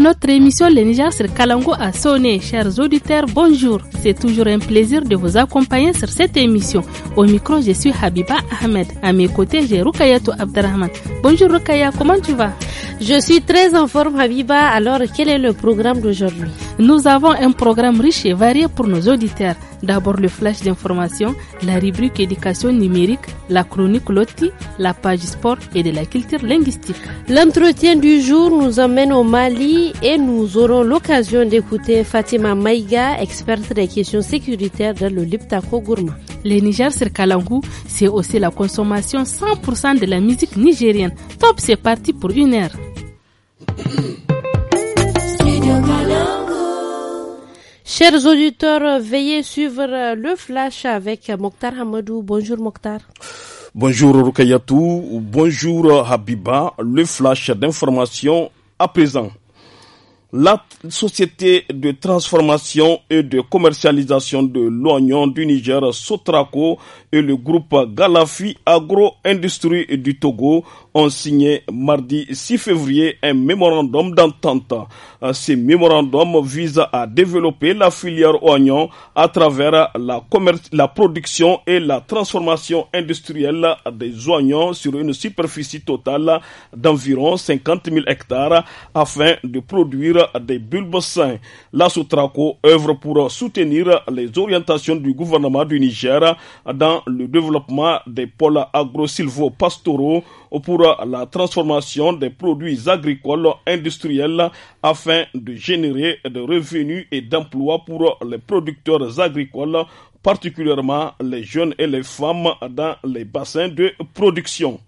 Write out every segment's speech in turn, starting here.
notre émission Le Niger sur Kalango a sonné. Chers auditeurs, bonjour. C'est toujours un plaisir de vous accompagner sur cette émission. Au micro, je suis Habiba Ahmed. À mes côtés, j'ai Rukayatou Abderrahman. Bonjour Rukaya, comment tu vas Je suis très en forme Habiba. Alors, quel est le programme d'aujourd'hui nous avons un programme riche et varié pour nos auditeurs. D'abord le flash d'information, la rubrique éducation numérique, la chronique loti, la page sport et de la culture linguistique. L'entretien du jour nous emmène au Mali et nous aurons l'occasion d'écouter Fatima Maïga, experte des questions sécuritaires dans le Liptako Gourma. Le Niger c'est Kalangu, c'est aussi la consommation 100% de la musique nigérienne. Top, c'est parti pour une heure. Chers auditeurs, veillez suivre euh, le flash avec Mokhtar Hamadou. Bonjour Mokhtar. Bonjour Rukayatou, bonjour Habiba. Le flash d'information à présent. La société de transformation et de commercialisation de l'oignon du Niger, Sotraco, et le groupe Galafi Agro-Industrie du Togo ont signé mardi 6 février un mémorandum d'entente. Euh, Ce mémorandum vise à développer la filière oignon à travers la, la production et la transformation industrielle des oignons sur une superficie totale d'environ 50 000 hectares afin de produire des bulbes sains. La Sotraco œuvre pour soutenir les orientations du gouvernement du Niger dans le développement des pôles agro-silvo-pastoraux pour la transformation des produits agricoles industriels afin de générer des revenus et d'emplois pour les producteurs agricoles, particulièrement les jeunes et les femmes dans les bassins de production.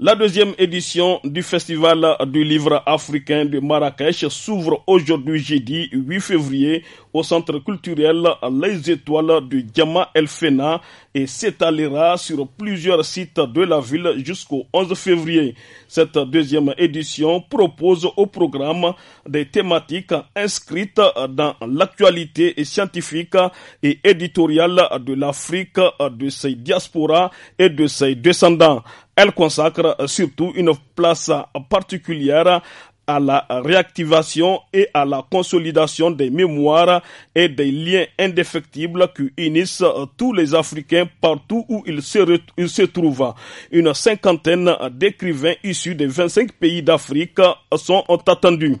La deuxième édition du Festival du livre africain de Marrakech s'ouvre aujourd'hui jeudi 8 février au centre culturel Les Étoiles de Diama El Fena et s'étalera sur plusieurs sites de la ville jusqu'au 11 février. Cette deuxième édition propose au programme des thématiques inscrites dans l'actualité scientifique et éditoriale de l'Afrique, de ses diasporas et de ses descendants. Elle consacre euh, surtout une place particulière à la réactivation et à la consolidation des mémoires et des liens indéfectibles qui unissent euh, tous les Africains partout où ils se, trouvent. Une cinquantaine d'écrivains issus des 25 pays d'Afrique euh, sont attendus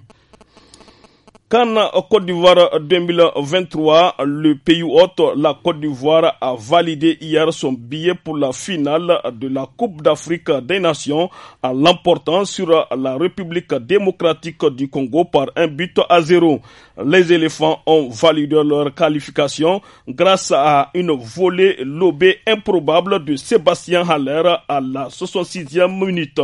au Côte d'Ivoire 2023, le pays hôte, la Côte d'Ivoire, a validé hier son billet pour la finale de la Coupe d'Afrique des Nations en l'emportant sur la République démocratique du Congo par un but à zéro. Les éléphants ont validé leur qualification grâce à une volée lobée improbable de Sébastien Haller à la 66e minute.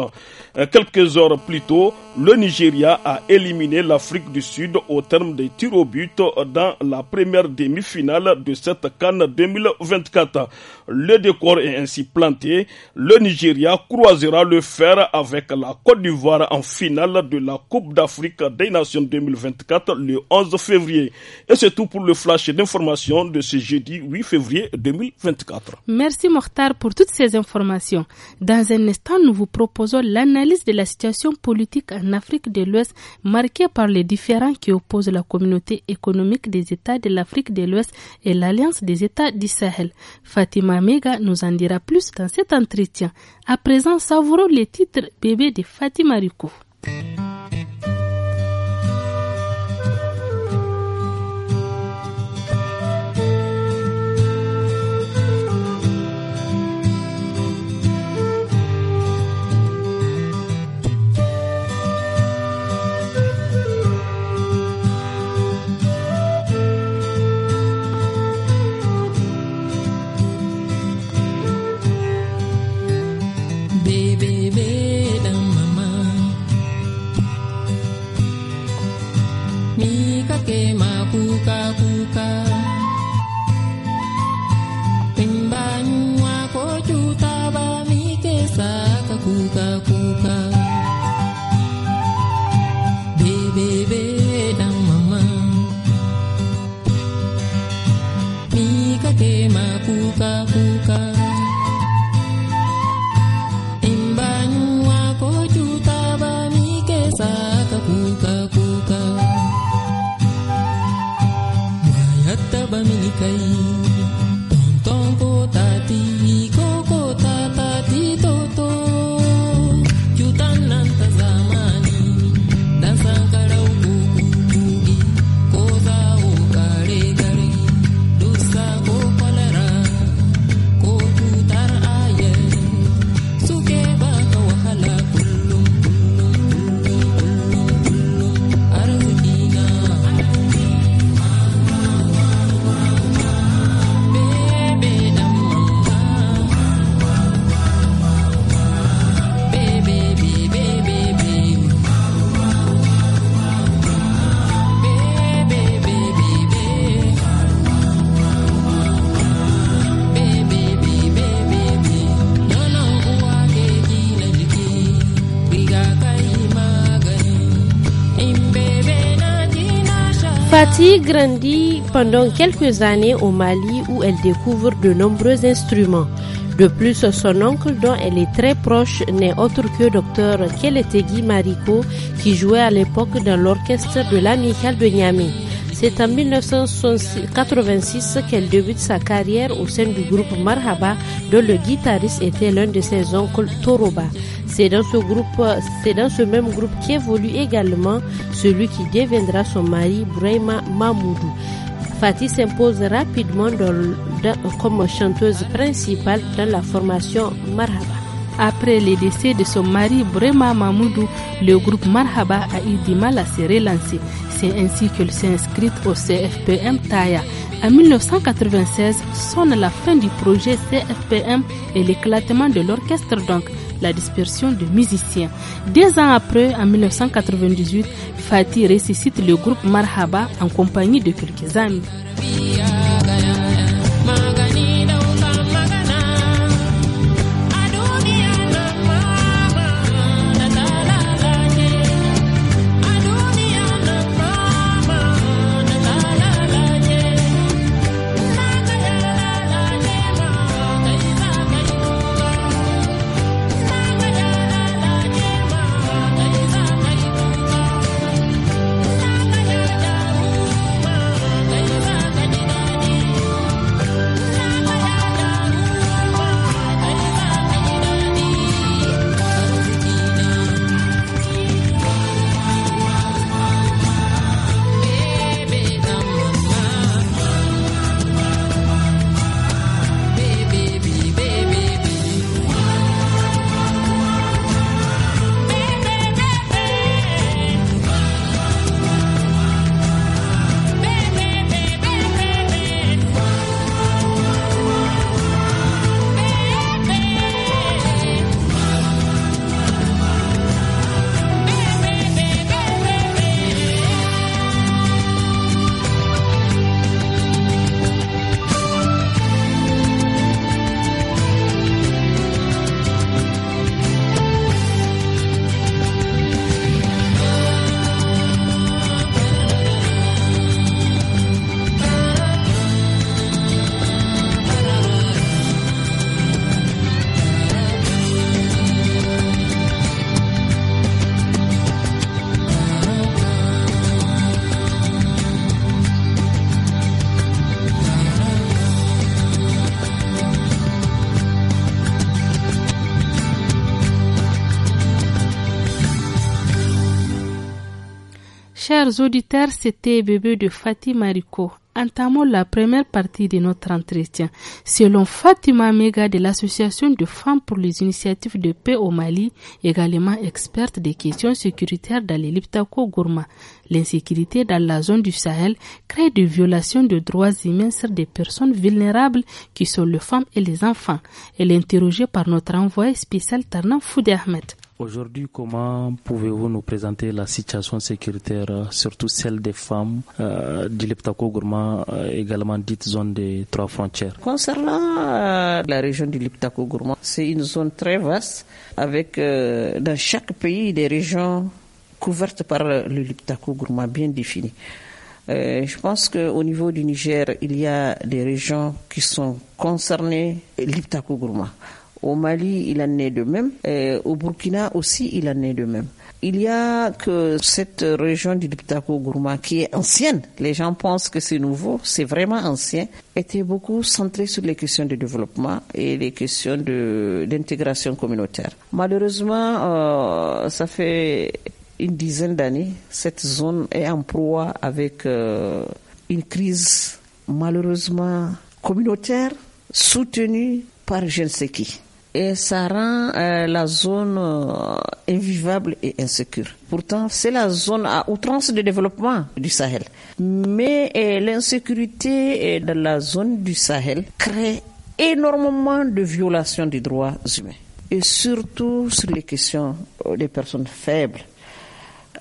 Quelques heures plus tôt, le Nigeria a éliminé l'Afrique du Sud au au terme des tirs au but dans la première demi-finale de cette Cannes 2024. Le décor est ainsi planté. Le Nigeria croisera le fer avec la Côte d'Ivoire en finale de la Coupe d'Afrique des Nations 2024 le 11 février. Et c'est tout pour le flash d'information de ce jeudi 8 février 2024. Merci Mokhtar pour toutes ces informations. Dans un instant, nous vous proposons l'analyse de la situation politique en Afrique de l'Ouest marquée par les différents qui ont pose la communauté économique des États de l'Afrique de l'Ouest et l'Alliance des États du Sahel. Fatima Mega nous en dira plus dans cet entretien. À présent, savourons les titres bébés de Fatima Rico. ke mapukaku cây grandit pendant quelques années au Mali où elle découvre de nombreux instruments. De plus, son oncle dont elle est très proche n'est autre que docteur Keletegui Mariko qui jouait à l'époque dans l'orchestre de l'amical de Niamey. C'est en 1986 qu'elle débute sa carrière au sein du groupe Marhaba, dont le guitariste était l'un de ses oncles Toroba. C'est dans ce groupe, c'est dans ce même groupe qu'évolue également celui qui deviendra son mari, Brema Mamoudou. Fatih s'impose rapidement comme chanteuse principale dans la formation Marhaba. Après le décès de son mari Brema Mamoudou, le groupe Marhaba a eu du mal à se relancer. C'est ainsi qu'elle s'est au CFPM Taya. En 1996 sonne la fin du projet CFPM et l'éclatement de l'orchestre donc la dispersion de musiciens. Deux ans après, en 1998, Fatih ressuscite le groupe Marhaba en compagnie de quelques amis. Chers auditeurs, c'était Bébé de Fatima Rico. Entamons la première partie de notre entretien. Selon Fatima Mega de l'Association de femmes pour les initiatives de paix au Mali, également experte des questions sécuritaires dans les Gourma, l'insécurité dans la zone du Sahel crée des violations de droits immenses des personnes vulnérables qui sont les femmes et les enfants. Elle est interrogée par notre envoyé spécial Tarnan Foudé Ahmed. Aujourd'hui, comment pouvez-vous nous présenter la situation sécuritaire, surtout celle des femmes euh, du liptako Gourma, euh, également dite zone des trois frontières Concernant euh, la région du liptako Gourma, c'est une zone très vaste avec dans chaque pays des régions couvertes par le liptako Gourma bien définies. je pense qu'au niveau du Niger, il y a des régions qui sont concernées Liptako Gourma. Au Mali, il en est de même. au Burkina aussi, il en est de même. Il y a que cette région du Diptako-Gourma, qui est ancienne, les gens pensent que c'est nouveau, c'est vraiment ancien, était beaucoup centré sur les questions de développement et les questions d'intégration communautaire. Malheureusement, euh, ça fait une dizaine d'années, cette zone est en proie avec euh, une crise malheureusement communautaire soutenue par je ne sais qui et ça rend euh, la zone euh, invivable et insécure. Pourtant, c'est la zone à outrance de développement du Sahel. Mais euh, l'insécurité de la zone du Sahel crée énormément de violations des droits humains. Et surtout sur les questions des personnes faibles.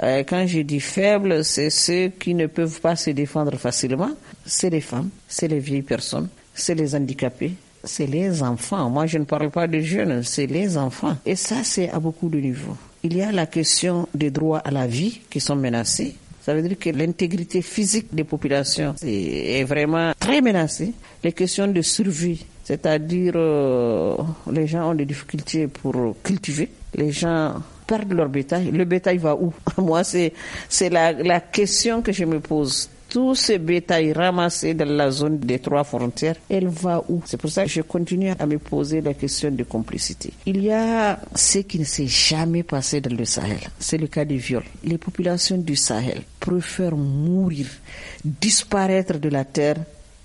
Quand je dis faibles, c'est ceux qui ne peuvent pas se défendre facilement. C'est les femmes, c'est les vieilles personnes, c'est les handicapés, c'est les enfants. Moi, je ne parle pas des jeunes, c'est les enfants. Et ça, c'est à beaucoup de niveaux. Il y a la question des droits à la vie qui sont menacés. Ça veut dire que l'intégrité physique des populations est vraiment très menacée. Les questions de survie, c'est-à-dire euh, les gens ont des difficultés pour cultiver, les gens perdent leur bétail. Le bétail va où Moi, c'est la, la question que je me pose tout ce bétail ramassé dans la zone des trois frontières, elle va où C'est pour ça que je continue à me poser la question de complicité. Il y a ce qui ne s'est jamais passé dans le Sahel. C'est le cas des viols. Les populations du Sahel préfèrent mourir, disparaître de la terre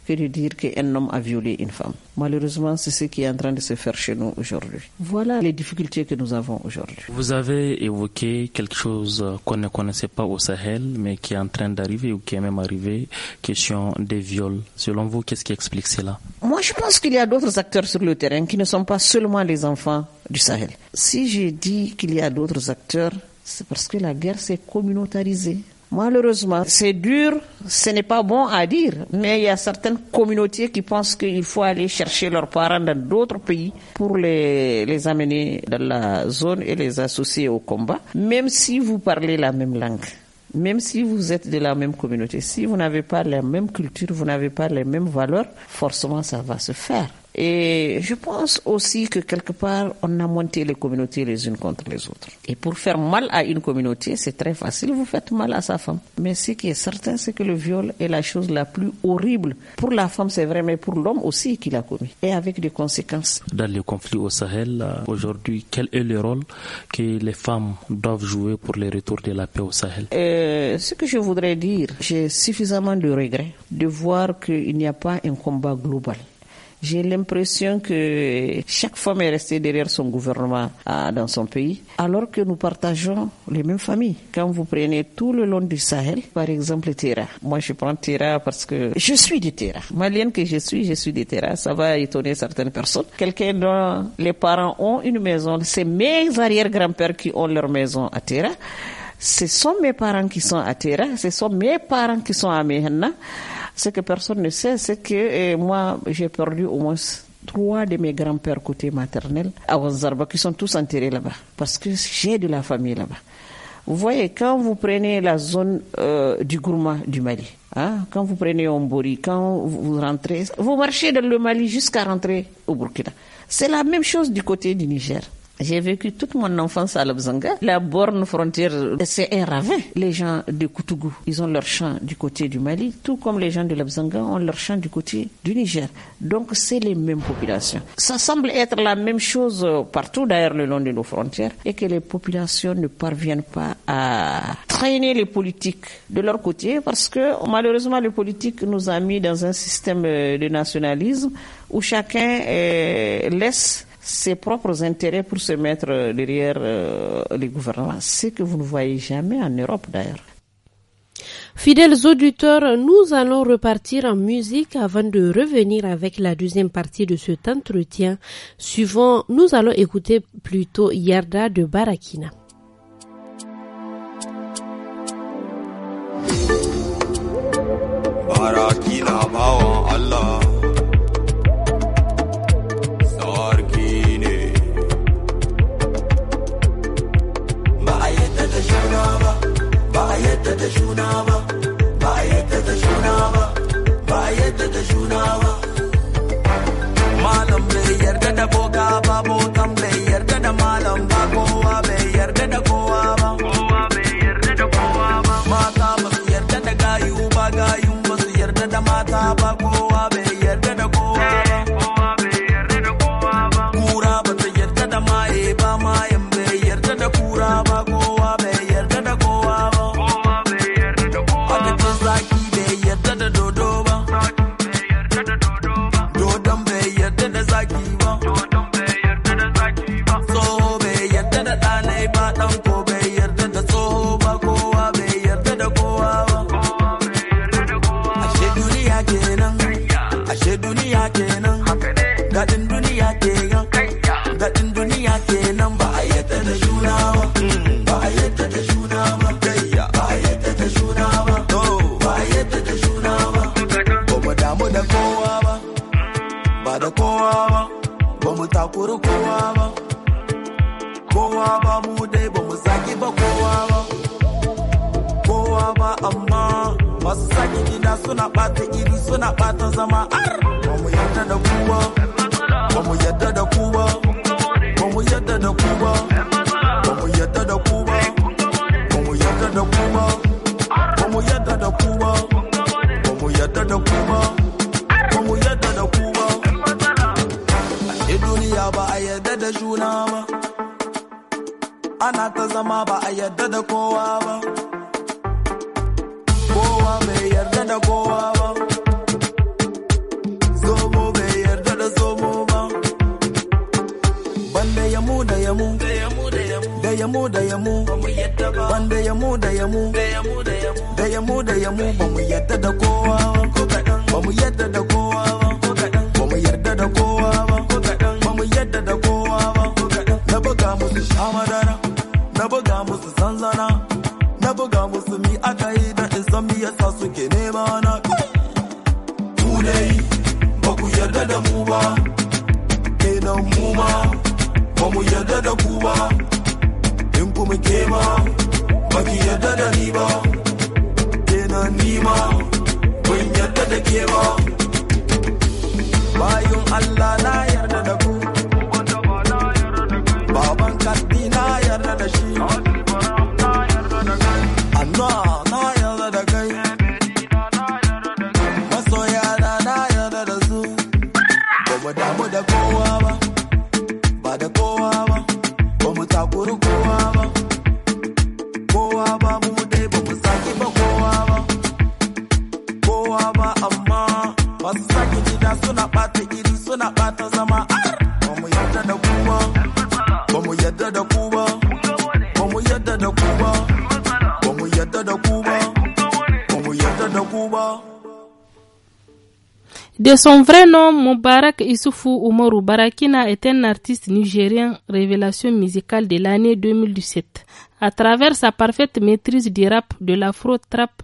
que de dire qu'un homme a violé une femme. Malheureusement, c'est ce qui est en train de se faire chez nous aujourd'hui. Voilà les difficultés que nous avons aujourd'hui. Vous avez évoqué quelque chose qu'on ne connaissait pas au Sahel, mais qui est en train d'arriver ou qui est même arrivé, question des viols. Selon vous, qu'est-ce qui explique cela Moi, je pense qu'il y a d'autres acteurs sur le terrain qui ne sont pas seulement les enfants du Sahel. Si j'ai dit qu'il y a d'autres acteurs, c'est parce que la guerre s'est communautarisée. Malheureusement, c'est dur, ce n'est pas bon à dire, mais il y a certaines communautés qui pensent qu'il faut aller chercher leurs parents dans d'autres pays pour les, amener dans la zone et les associer au combat, même si vous parlez la même langue. Même si vous êtes de la même communauté, si vous n'avez pas la même culture, vous n'avez pas les mêmes valeurs, forcément ça va se faire. Et je pense aussi que quelque part, on a monté les communautés les unes contre les autres. Et pour faire mal à une communauté, c'est très facile, vous faites mal à sa femme. Mais ce qui est certain, c'est que le viol est la chose la plus horrible. Pour la femme, c'est vrai, mais pour l'homme aussi qu'il a commis. Et avec des conséquences. Dans le conflit au Sahel, euh, aujourd'hui, quel est le rôle que les femmes doivent jouer pour le retour de la paix au Sahel euh, Ce que je voudrais dire, j'ai suffisamment de regrets de voir qu'il n'y a pas un combat global j'ai l'impression que chaque femme est restée derrière son gouvernement ah, dans son pays, alors que nous partageons les mêmes familles. Quand vous prenez tout le long du Sahel, par exemple Tera. Moi, je prends Tera parce que je suis de Tera. Malienne que je suis, je suis de Tera. Ça va étonner certaines personnes. Quelqu'un dont les parents ont une maison, c'est mes arrière-grands-pères qui ont leur maison à Tera. Ce sont mes parents qui sont à Tera. Ce sont mes parents qui sont à Mehenna ce que personne ne sait, c'est que euh, moi, j'ai perdu au moins trois de mes grands-pères côté maternel à Ouzarba, qui sont tous enterrés là-bas, parce que j'ai de la famille là-bas. Vous voyez, quand vous prenez la zone euh, du Gourma du Mali, hein, quand vous prenez Ombori, quand vous rentrez, vous marchez dans le Mali jusqu'à rentrer au Burkina. C'est la même chose du côté du Niger. J'ai vécu toute mon enfance à Labzanga. La borne frontière, c'est un ravin. Les gens de Koutougou, ils ont leur champ du côté du Mali, tout comme les gens de Labzanga ont leur champ du côté du Niger. Donc, c'est les mêmes populations. Ça semble être la même chose partout, d'ailleurs, le long de nos frontières, et que les populations ne parviennent pas à traîner les politiques de leur côté, parce que malheureusement, les politiques nous ont mis dans un système de nationalisme où chacun euh, laisse ses propres intérêts pour se mettre euh, derrière euh, les gouvernements. Ce que vous ne voyez jamais en Europe d'ailleurs. Fidèles auditeurs, nous allons repartir en musique avant de revenir avec la deuxième partie de cet entretien. Suivant, nous allons écouter plutôt Yarda de Barakina. Barakina, juna malam bai yarda da boka ba bokan bai yarda da malam ba kowa bai yarda da kowa ba kowa bai yarda da kowa ba mata ba su yarda da gayu ba gayu ba su yarda da mata ba kowa I am ba mu De son vrai nom, Moubarak Issoufou Oumarou Barakina est un artiste nigérien révélation musicale de l'année 2017. À travers sa parfaite maîtrise du rap, de l'afro-trap,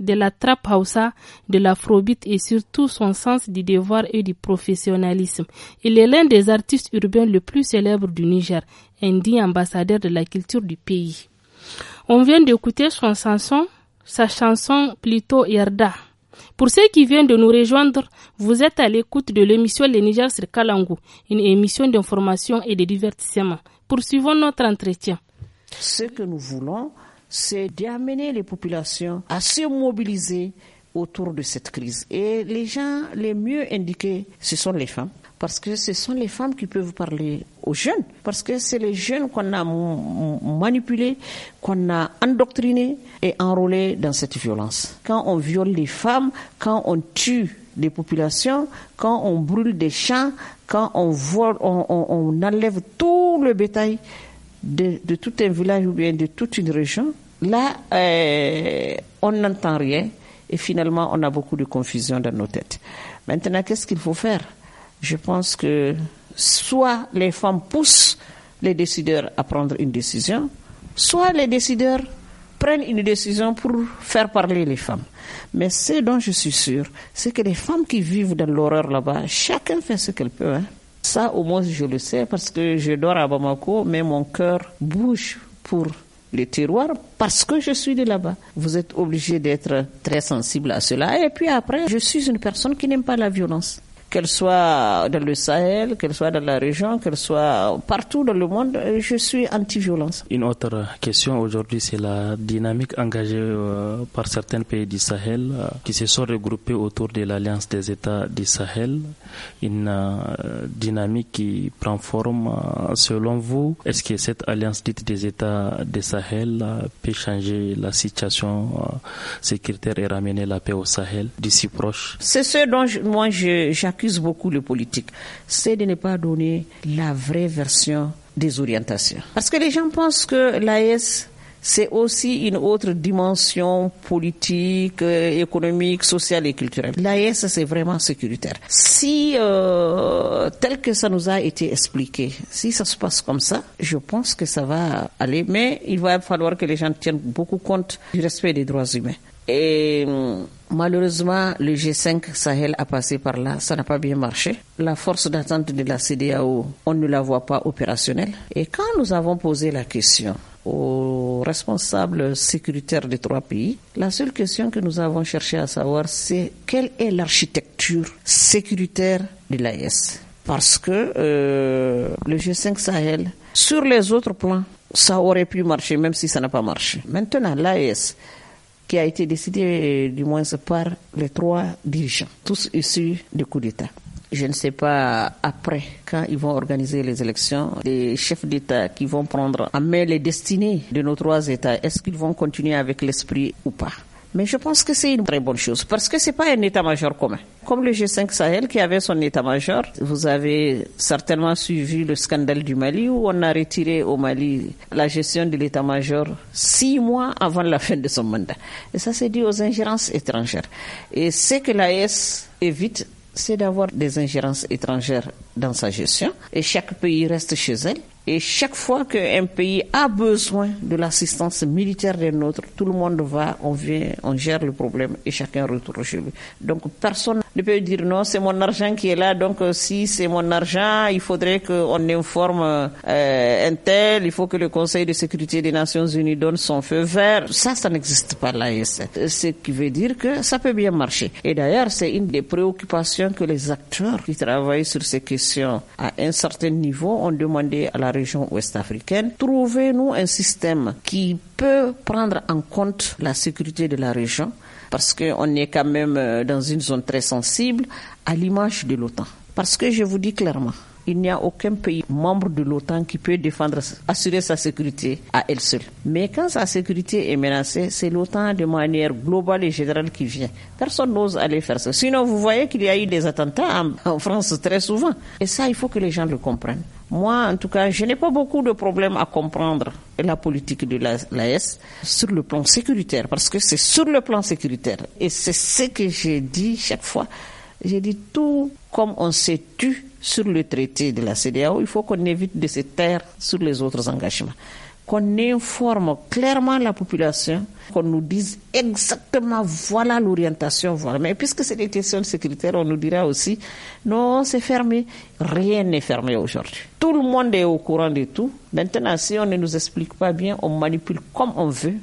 de la trap hausa, de l'afrobeat et surtout son sens du devoir et du professionnalisme. Il est l'un des artistes urbains le plus célèbre du Niger, dit ambassadeur de la culture du pays. On vient d'écouter son chanson, sa chanson plutôt Yerda, pour ceux qui viennent de nous rejoindre, vous êtes à l'écoute de l'émission Les Niger sur Kalangou, une émission d'information et de divertissement. Poursuivons notre entretien. Ce que nous voulons, c'est d'amener les populations à se mobiliser autour de cette crise. Et les gens les mieux indiqués, ce sont les femmes, parce que ce sont les femmes qui peuvent parler aux jeunes, parce que c'est les jeunes qu'on a manipulés, qu'on a endoctrinés et enrôlés dans cette violence. Quand on viole les femmes, quand on tue des populations, quand on brûle des champs, quand on vole, on, enlève tout le bétail de, tout un village ou bien de toute une région, là, euh, on n'entend rien et finalement, on a beaucoup de confusion dans nos têtes. Maintenant, qu'est-ce qu'il faut faire je pense que soit les femmes poussent les décideurs à prendre une décision, soit les décideurs prennent une décision pour faire parler les femmes. Mais ce dont je suis sûr, c'est que les femmes qui vivent dans l'horreur là-bas, chacun fait ce qu'elle peut. Hein. Ça, au moins, je le sais parce que je dors à Bamako, mais mon cœur bouge pour les tiroirs parce que je suis de là-bas. Vous êtes obligé d'être très sensible à cela. Et puis après, je suis une personne qui n'aime pas la violence qu'elle soit dans le Sahel, qu'elle soit dans la région, qu'elle soit partout dans le monde, je suis anti-violence. Une autre question aujourd'hui, c'est la dynamique engagée euh, par certains pays du Sahel euh, qui se sont regroupés autour de l'Alliance des États du Sahel. Une euh, dynamique qui prend forme. Selon vous, est-ce que cette alliance dite des États du Sahel peut changer la situation sécuritaire et ramener la paix au Sahel d'ici proche C'est ce dont moi j'accuse beaucoup le politique, c'est de ne pas donner la vraie version des orientations. Parce que les gens pensent que l'AS c'est aussi une autre dimension politique, euh, économique, sociale et culturelle. L'AS c'est vraiment sécuritaire. Si, euh, tel que ça nous a été expliqué, si ça se passe comme ça, je pense que ça va aller, mais il va falloir que les gens tiennent beaucoup compte du respect des droits humains. Et hum, Malheureusement, le G5 Sahel a passé par là, ça n'a pas bien marché. La force d'attente de la CDAO, on ne la voit pas opérationnelle. Et quand nous avons posé la question aux responsables sécuritaires des trois pays, la seule question que nous avons cherché à savoir, c'est quelle est l'architecture sécuritaire de l'AIS. E Parce que euh, le G5 Sahel, sur les autres plans, ça aurait pu marcher, même si ça n'a pas marché. Maintenant, l'AIS, e qui a été décidé euh, du moins par les trois dirigeants, tous issus du coup d'État. Je ne sais pas après, quand ils vont organiser les élections, les chefs d'État qui vont prendre en main les destinées de nos trois États, est-ce qu'ils vont continuer avec l'esprit ou pas mais je pense que c'est une très bonne chose parce que c'est pas un état-major commun. Comme le G5 Sahel qui avait son état-major, vous avez certainement suivi le scandale du Mali où on a retiré au Mali la gestion de l'état-major six mois avant la fin de son mandat. Et ça, c'est dû aux ingérences étrangères. Et ce que l'AS évite, c'est d'avoir des ingérences étrangères dans sa gestion. Et chaque pays reste chez elle. Et chaque fois qu'un pays a besoin de l'assistance militaire des nôtres, tout le monde va, on vient, on gère le problème et chacun retourne chez lui. Donc personne ne peut dire non, c'est mon argent qui est là, donc euh, si c'est mon argent, il faudrait qu'on informe euh, un tel, il faut que le Conseil de sécurité des Nations Unies donne son feu vert. Ça, ça n'existe pas là. Ce qui veut dire que ça peut bien marcher. Et d'ailleurs, c'est une des préoccupations que les acteurs qui travaillent sur ces questions à un certain niveau ont demandé à la région ouest africaine, trouvez-nous un système qui peut prendre en compte la sécurité de la région, parce qu'on est quand même euh, dans une zone très sensible, à l'image de l'OTAN. Parce que je vous dis clairement, il n'y a aucun pays membre de l'OTAN qui peut défendre, assurer sa sécurité à elle seule. Mais quand sa sécurité est menacée, c'est l'OTAN de manière globale et générale qui vient. Personne n'ose aller faire ça. Sinon, vous voyez qu'il y a eu des attentats en, France très souvent. Et ça, il faut que les gens le comprennent. Moi, en tout cas, je n'ai pas beaucoup de problèmes à comprendre la politique de l'AS sur le plan sécuritaire, parce que c'est sur le plan sécuritaire. Et c'est ce que j'ai dit chaque fois. J'ai dit tout comme on s'est tu sur le traité de la CDAO, il faut qu'on évite de se taire sur les autres engagements. Qu'on informe clairement la population, qu'on nous dise exactement voilà l'orientation, Mais puisque c'est des questions de sécurité, on nous dira aussi non, c'est fermé. Rien n'est fermé aujourd'hui. Tout le monde est au courant de tout. Maintenant, si on ne nous explique pas bien, on manipule comme on veut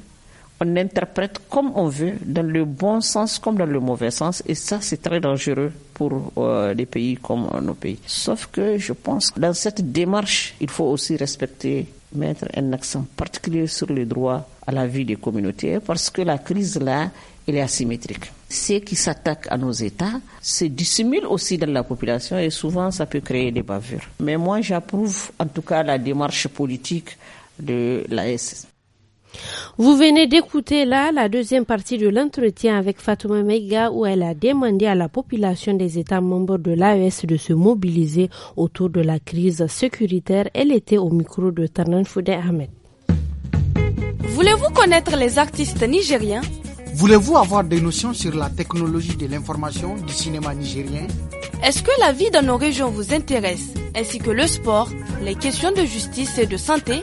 on interprète comme on veut, dans le bon sens comme dans le mauvais sens, et ça c'est très dangereux pour euh, les des pays comme nos pays. Sauf que je pense que dans cette démarche, il faut aussi respecter, mettre un accent particulier sur les droits à la vie des communautés, parce que la crise là, elle est asymétrique. Ce qui s'attaque à nos États se dissimule aussi dans la population et souvent ça peut créer des bavures. Mais moi j'approuve en tout cas la démarche politique de Ss vous venez d'écouter là la deuxième partie de l'entretien avec Fatouma Meiga où elle a demandé à la population des États membres de l'AES de se mobiliser autour de la crise sécuritaire. Elle était au micro de Tanan Foudé Ahmed. Voulez-vous connaître les artistes nigériens Voulez-vous avoir des notions sur la technologie de l'information du cinéma nigérien Est-ce que la vie dans nos régions vous intéresse, ainsi que le sport, les questions de justice et de santé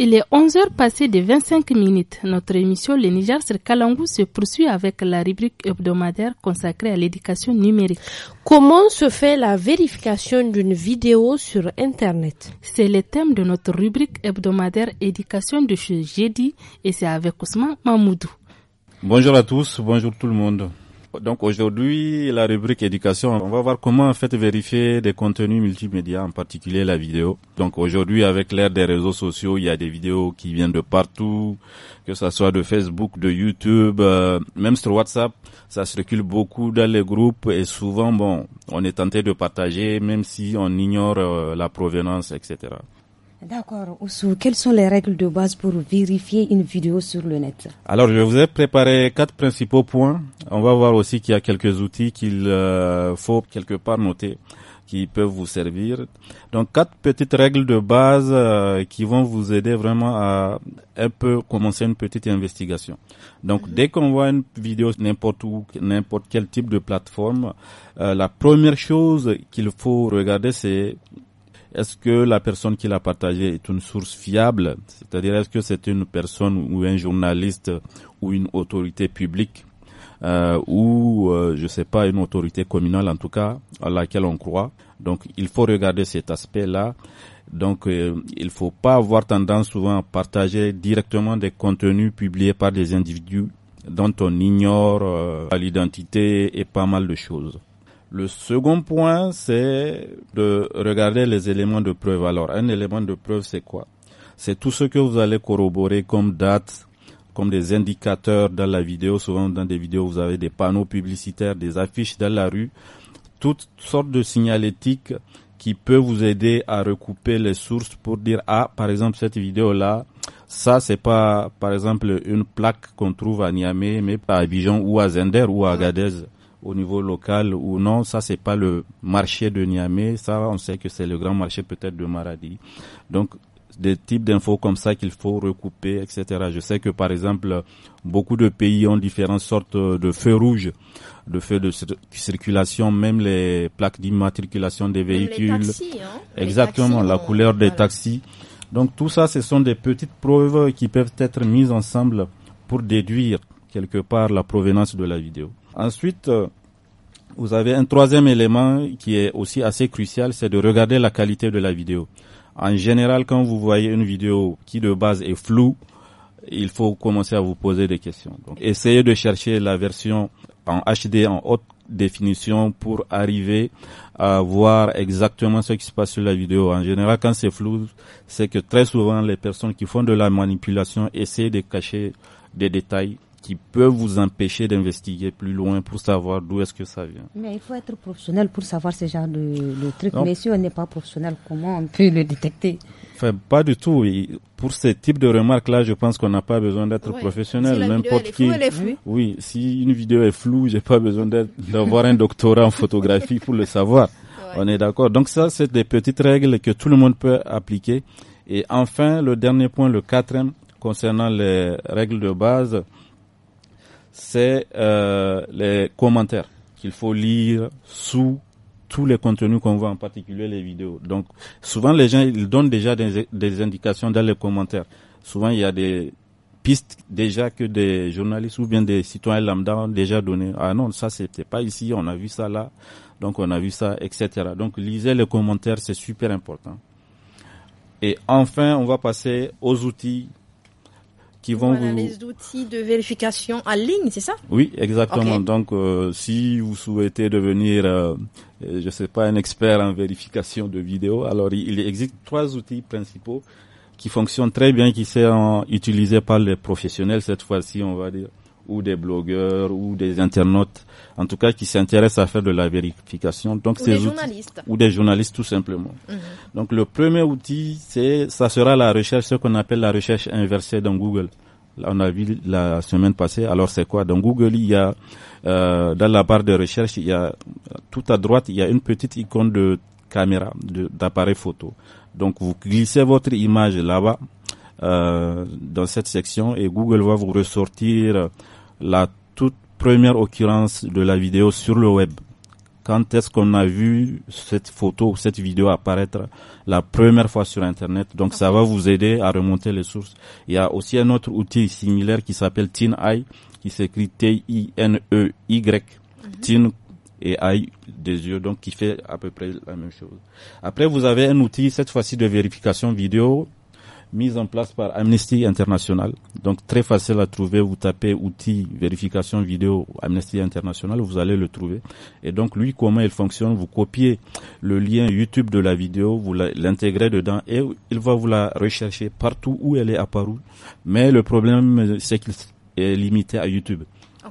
Il est 11h passé de 25 minutes. Notre émission Le Niger sur Kalangou se poursuit avec la rubrique hebdomadaire consacrée à l'éducation numérique. Comment se fait la vérification d'une vidéo sur Internet C'est le thème de notre rubrique hebdomadaire éducation de ce jeudi et c'est avec Ousmane Mamoudou. Bonjour à tous, bonjour tout le monde. Donc aujourd'hui, la rubrique éducation, on va voir comment en fait vérifier des contenus multimédia, en particulier la vidéo. Donc aujourd'hui, avec l'ère des réseaux sociaux, il y a des vidéos qui viennent de partout, que ce soit de Facebook, de YouTube, euh, même sur WhatsApp, ça circule beaucoup dans les groupes et souvent, bon, on est tenté de partager, même si on ignore euh, la provenance, etc. D'accord. Oussou, quelles sont les règles de base pour vérifier une vidéo sur le net Alors, je vous ai préparé quatre principaux points. On va voir aussi qu'il y a quelques outils qu'il euh, faut quelque part noter qui peuvent vous servir. Donc, quatre petites règles de base euh, qui vont vous aider vraiment à un peu commencer une petite investigation. Donc, mhm. dès qu'on voit une vidéo n'importe où, n'importe quel type de plateforme, euh, la première chose qu'il faut regarder, c'est est-ce que la personne qui l'a partagé est une source fiable C'est-à-dire, est-ce que c'est une personne ou un journaliste ou une autorité publique euh, ou, je euh, je sais pas, une autorité communale en tout cas, à laquelle on croit Donc, il faut regarder cet aspect-là. Donc, euh, il ne faut pas avoir tendance souvent à partager directement des contenus publiés par des individus dont on ignore l'identité et pas mal de choses. Le second point, c'est de regarder les éléments de preuve. Alors, un élément de preuve, c'est quoi C'est tout ce que vous allez corroborer comme date, comme des indicateurs dans la vidéo. Souvent, dans des vidéos, vous avez des panneaux publicitaires, des affiches dans la rue, toutes sortes de signalétiques qui peut vous aider à recouper les sources pour dire ah par exemple cette vidéo là ça c'est pas par exemple une plaque qu'on trouve à Niamey mais à Bijon ou à Zender ou à Gadez au niveau local ou non, ça c'est pas le marché de Niamey, ça on sait que c'est le grand marché peut-être de Maradi. Donc des types d'infos comme ça qu'il faut recouper, etc. Je sais que par exemple, beaucoup de pays ont différentes sortes euh, de feux rouges, de feux de circulation, même les plaques d'immatriculation des véhicules. Hein. Exactement, la couleur des taxis. Donc tout ça, ce sont des petites preuves qui peuvent être mises ensemble pour déduire quelque part la provenance de la vidéo. Ensuite, euh, vous avez un troisième élément qui est aussi assez crucial, c'est de regarder la qualité de la vidéo. En général, quand vous voyez une vidéo qui de base est floue, il faut commencer à vous poser des questions. Donc, essayez de chercher la version en HD, en haute définition, pour arriver à voir exactement ce qui se passe sur la vidéo. En général, quand c'est flou, c'est que très souvent, les personnes qui font de la manipulation essaient de cacher des détails qui peut vous empêcher d'investiguer plus loin pour savoir d'où est-ce que ça vient. Mais il faut être professionnel pour savoir ce genre de, de trucs. Mais si on n'est pas professionnel, comment on peut le détecter Enfin, pas du tout. pour ce type de remarques-là, je pense qu'on n'a pas besoin d'être professionnel. N'importe qui. oui, si une vidéo est floue, j'ai pas besoin d'avoir un doctorat en photographie pour le savoir. On est d'accord. Donc ça, c'est des petites règles que tout le monde peut appliquer. Et enfin, le dernier point, le quatrième, concernant les règles de base, c'est euh, les commentaires qu'il faut lire sous tous les contenus qu'on voit, en particulier les vidéos. Donc, souvent, les gens, ils donnent déjà des, des, indications dans les commentaires. Souvent, il y a des pistes déjà que des journalistes ou bien des citoyens lambda ont déjà donné. Ah non, ça, c'était pas ici, on a vu ça là, donc on a vu ça, etc. Donc, lisez les commentaires, c'est super important. Et enfin, on va passer aux outils qui vont les outils de vérification en ligne, c'est ça Oui, exactement. Donc, euh, si vous souhaitez devenir, euh, euh, je sais pas, un expert en vérification de vidéos, alors il existe trois outils principaux qui fonctionnent très bien, qui sont utilisés par les professionnels cette fois-ci, on va dire ou des blogueurs ou des internautes, en tout cas qui s'intéressent à faire de la vérification. Donc, ou des journalistes. Ou des journalistes tout simplement. Mhm. Donc le premier outil, c'est ça sera la recherche, ce qu'on appelle la recherche inversée dans Google. on a vu la semaine passée. Alors c'est quoi Dans Google, il y a euh, dans la barre de recherche, il y a tout à droite, il y a une petite icône de caméra, d'appareil photo. Donc vous glissez votre image là-bas. Euh, dans cette section et Google va vous ressortir la toute première occurrence de la vidéo sur le web. Quand est-ce qu'on a vu cette photo ou cette vidéo apparaître la première fois sur Internet Donc ça va vous aider à remonter les sources. Il y a aussi un autre outil similaire qui s'appelle TinEye, qui s'écrit T-I-N-E-Y. Mhm. Tin et des yeux, donc qui fait à peu près la même chose. Après, vous avez un outil, cette fois-ci, de vérification vidéo mise en place par Amnesty International. Donc très facile à trouver, vous tapez outils vérification vidéo Amnesty International, vous allez le trouver. Et donc lui, comment il fonctionne, vous copiez le lien YouTube de la vidéo, vous l'intégrez dedans et il va vous la rechercher partout où elle est apparue. Mais le problème, c'est qu'il est limité à YouTube.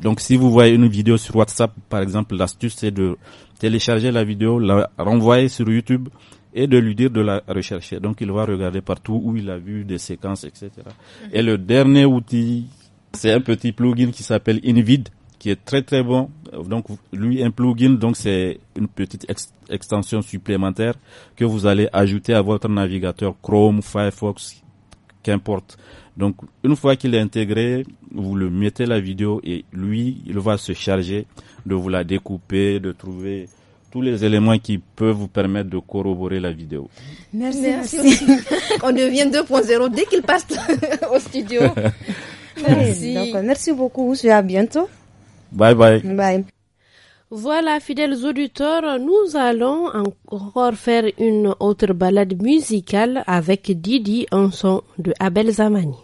Donc si vous voyez une vidéo sur WhatsApp, par exemple, l'astuce c'est de télécharger la vidéo, la renvoyer sur YouTube, et de lui dire de la rechercher. Donc il va regarder partout où il a vu des séquences, etc. Et le dernier outil, c'est un petit plugin qui s'appelle InVid, qui est très très bon. Donc lui, un plugin, donc c'est une petite extension supplémentaire que vous allez ajouter à votre navigateur Chrome, Firefox, qu'importe. Donc une fois qu'il est intégré, vous le mettez la vidéo et lui, il va se charger de vous la découper, de trouver tous les éléments qui peuvent vous permettre de corroborer la vidéo. Merci. On devient 2.0 dès qu'il passe au studio. Merci. merci beaucoup. Je à bientôt. Bye bye. Bye. Voilà, fidèles auditeurs, nous allons encore faire une autre balade musicale avec Didi en son de Abel Zamani.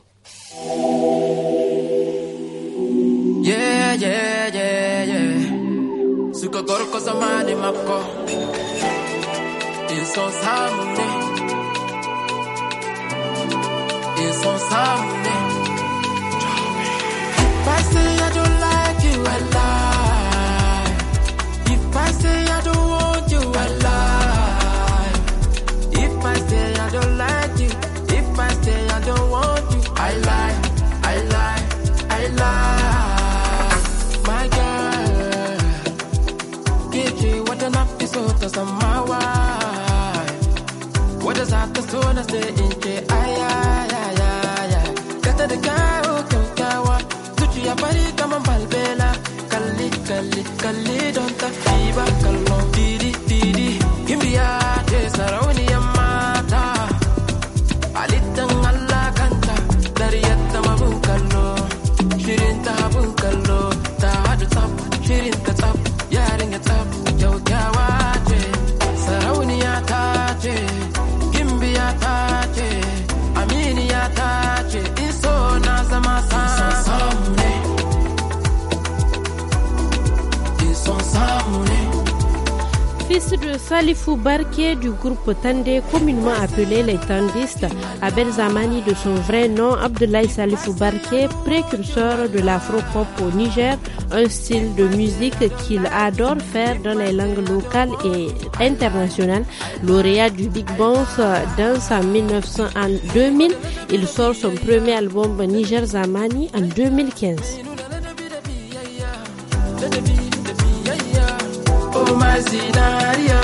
gogoro ko zamane mapko inson samune inson samune stay Salifou Barké du groupe Tandé, communément appelé les Tandistes, Abel Zamani de son vrai nom, Abdoulaye Salifou Barké, précurseur de l'afro-pop au Niger, un style de musique qu'il adore faire dans les langues locales et internationales. Lauréat du Big Bounce dans en, 1900, en 2000, il sort son premier album Niger Zamani en 2015. scenario.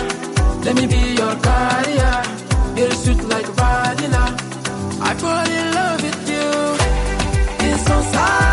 Let me be your carrier. You're sweet like vanilla. I fall in love with you. It's so sad.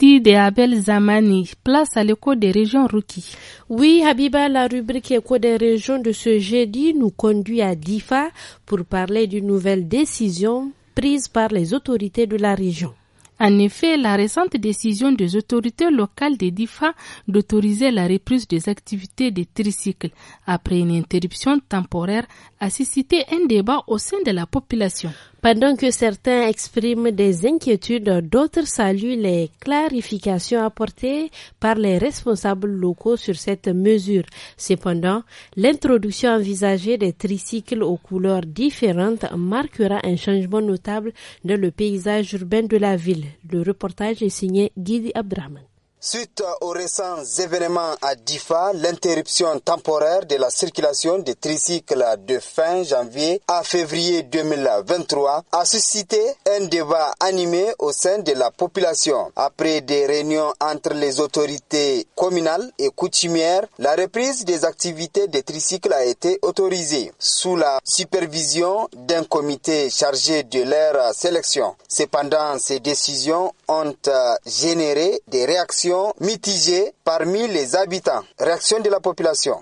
Zamani. Place à l'écho des régions Ruki. Oui, Habiba, la rubrique écho des régions de ce jeudi nous conduit à Difa pour parler d'une nouvelle décision prise par les autorités de la région. En effet, la récente décision des autorités locales de DIFA d'autoriser la reprise des activités des tricycles après une interruption temporaire a suscité un débat au sein de la population. Pendant que certains expriment des inquiétudes, d'autres saluent les clarifications apportées par les responsables locaux sur cette mesure. Cependant, l'introduction envisagée des tricycles aux couleurs différentes marquera un changement notable dans le paysage urbain de la ville. Le reportage est signé Guy Abdraman. Suite aux récents événements à Difa, l'interruption temporaire de la circulation des tricycles de fin janvier à février 2023 a suscité un débat animé au sein de la population. Après des réunions entre les autorités communales et coutumières, la reprise des activités des tricycles a été autorisée sous la supervision d'un comité chargé de leur sélection. Cependant, ces décisions ont euh, généré des réactions mitigées parmi les habitants. Réaction de la population.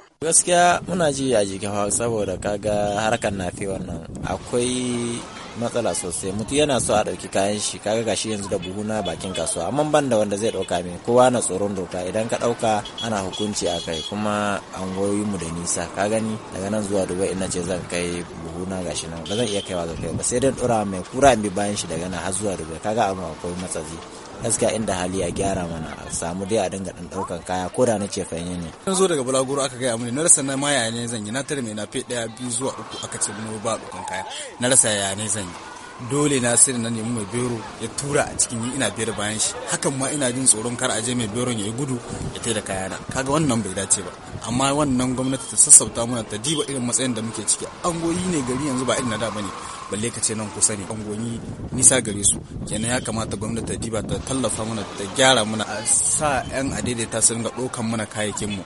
matsala sosai mutu yana so a ɗauki kayan shi kaga gashi yanzu da buhuna bakin kasuwa amma ban da wanda zai ɗauka min kowa na tsoron doka idan ka ɗauka ana hukunci a kai kuma an goyi mu da nisa ka gani daga nan zuwa dubai ina ce zan kai buhuna gashi nan ba zan iya kaiwa ga kai ba sai dai ɗora mai kura in bi bayan shi daga nan har zuwa dubai kaga abu akwai matsazi gaskiya inda hali a gyara mana a samu dai a dinga dan daukan kaya ko da na ce fanye ne sun zo daga bulaguro aka gaya mini na rasa na ma ne zan yi na tare na fe daya biyu zuwa uku aka ce mun ba dukan kaya na rasa ya ne zan yi dole na sai na nemi mai bero ya tura a cikin yi ina biyar bayan shi hakan ma ina jin tsoron kar a je mai beron ya yi gudu ya tai da kayana kaga wannan bai dace ba amma wannan gwamnati ta sassauta mana ta diba irin matsayin da muke ciki angoyi ne gari yanzu ba irin na da bane balle ka ce nan kusa ne angoyi nisa gare su kenan ya kamata gwamnati ta diba ta tallafa mana ta gyara mana a sa yan adaidaita su ringa ɗaukan mana kayayyakin mu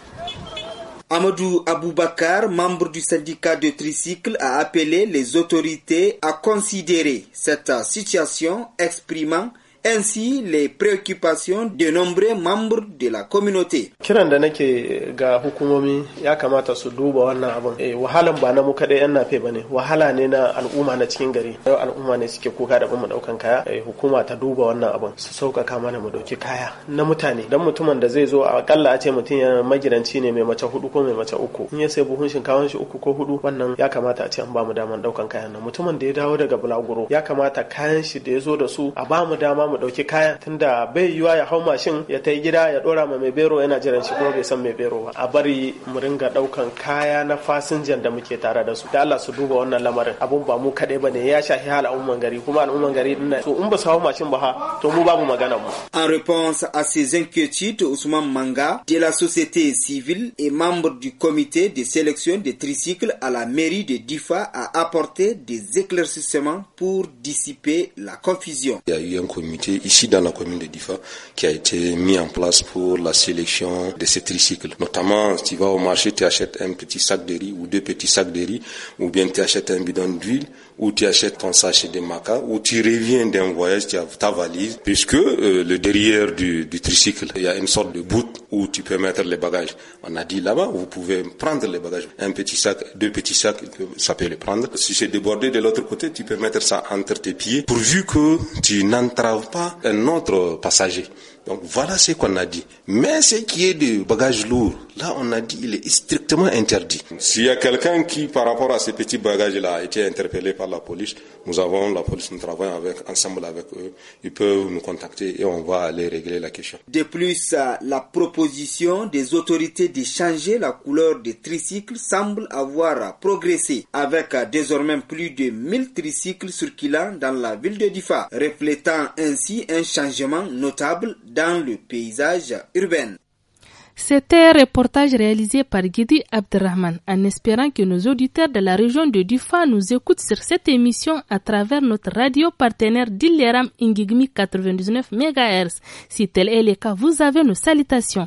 Amadou Aboubakar, membre du syndicat de tricycle, a appelé les autorités à considérer cette situation, exprimant ainsi les préoccupations de nombreux membres de la communauté. Kiran da nake ga hukumomi ya kamata su duba wannan abun. Eh, wahalan ba na mu kaɗai 'yan nafe ba ne, wahala ne na al'umma na cikin gari. Yau al'umma ne suke kuka da mu daukan kaya, eh, hukuma ta duba wannan abun. Su sauƙaƙa mana mu dauki kaya na mutane. Dan mutumin da zai zo a kalla a ce mutum ya magiranci ne mai mace hudu ko mai mace uku. In ya sai buhun shinkawan shi uku ko hudu wannan ya kamata a ce an ba mu daman ɗaukan kayan na Mutumin da ya dawo daga bulaguro ya kamata kayan shi da ya zo da su a ba mu dama mu dauki kaya tunda bai yiwa ya hau mashin ya tai gida ya dora ma mai bero yana jiran shi kuma bai san mai bero ba a bari mu ringa daukan kaya na fasinjan da muke tare da su da Allah su duba wannan lamarin abun ba mu kadai bane ya shafi hal al'umman gari kuma al'umman gari din to in ba su hau mashin ba ha to mu babu magana mu en réponse à ces inquiétudes Ousmane Manga de la société civile et membre du comité de sélection des tricycles à la mairie de Difa a apporté des éclaircissements pour dissiper la confusion il y a eu un comité ici dans la commune de Difa qui a été mis en place pour la sélection de ces tricycles. Notamment, si tu vas au marché, tu achètes un petit sac de riz ou deux petits sacs de riz ou bien tu achètes un bidon d'huile où tu achètes ton sachet de maca, où tu reviens d'un voyage, tu as ta valise, puisque euh, le derrière du, du tricycle, il y a une sorte de bout où tu peux mettre les bagages. On a dit là-bas, vous pouvez prendre les bagages. Un petit sac, deux petits sacs, ça peut les prendre. Si c'est débordé de l'autre côté, tu peux mettre ça entre tes pieds, pourvu que tu n'entraves pas un autre passager. Donc voilà ce qu'on a dit. Mais ce qui est de bagages lourds, là on a dit il est strictement interdit. S'il y a quelqu'un qui par rapport à ces petits bagages-là a été interpellé par la police, nous avons la police, nous travaillons avec, ensemble avec eux. Ils peuvent nous contacter et on va aller régler la question. De plus, euh, la proposition des autorités de changer la couleur des tricycles semble avoir progressé avec euh, désormais plus de 1000 tricycles circulant dans la ville de Difa, reflétant ainsi un changement notable dans le paysage urbain. C'était un reportage réalisé par Guidi Abderrahman en espérant que nos auditeurs de la région de Dufa nous écoutent sur cette émission à travers notre radio partenaire d'Illeram Ingigmi 99 MHz. Si tel est le cas, vous avez nos salutations.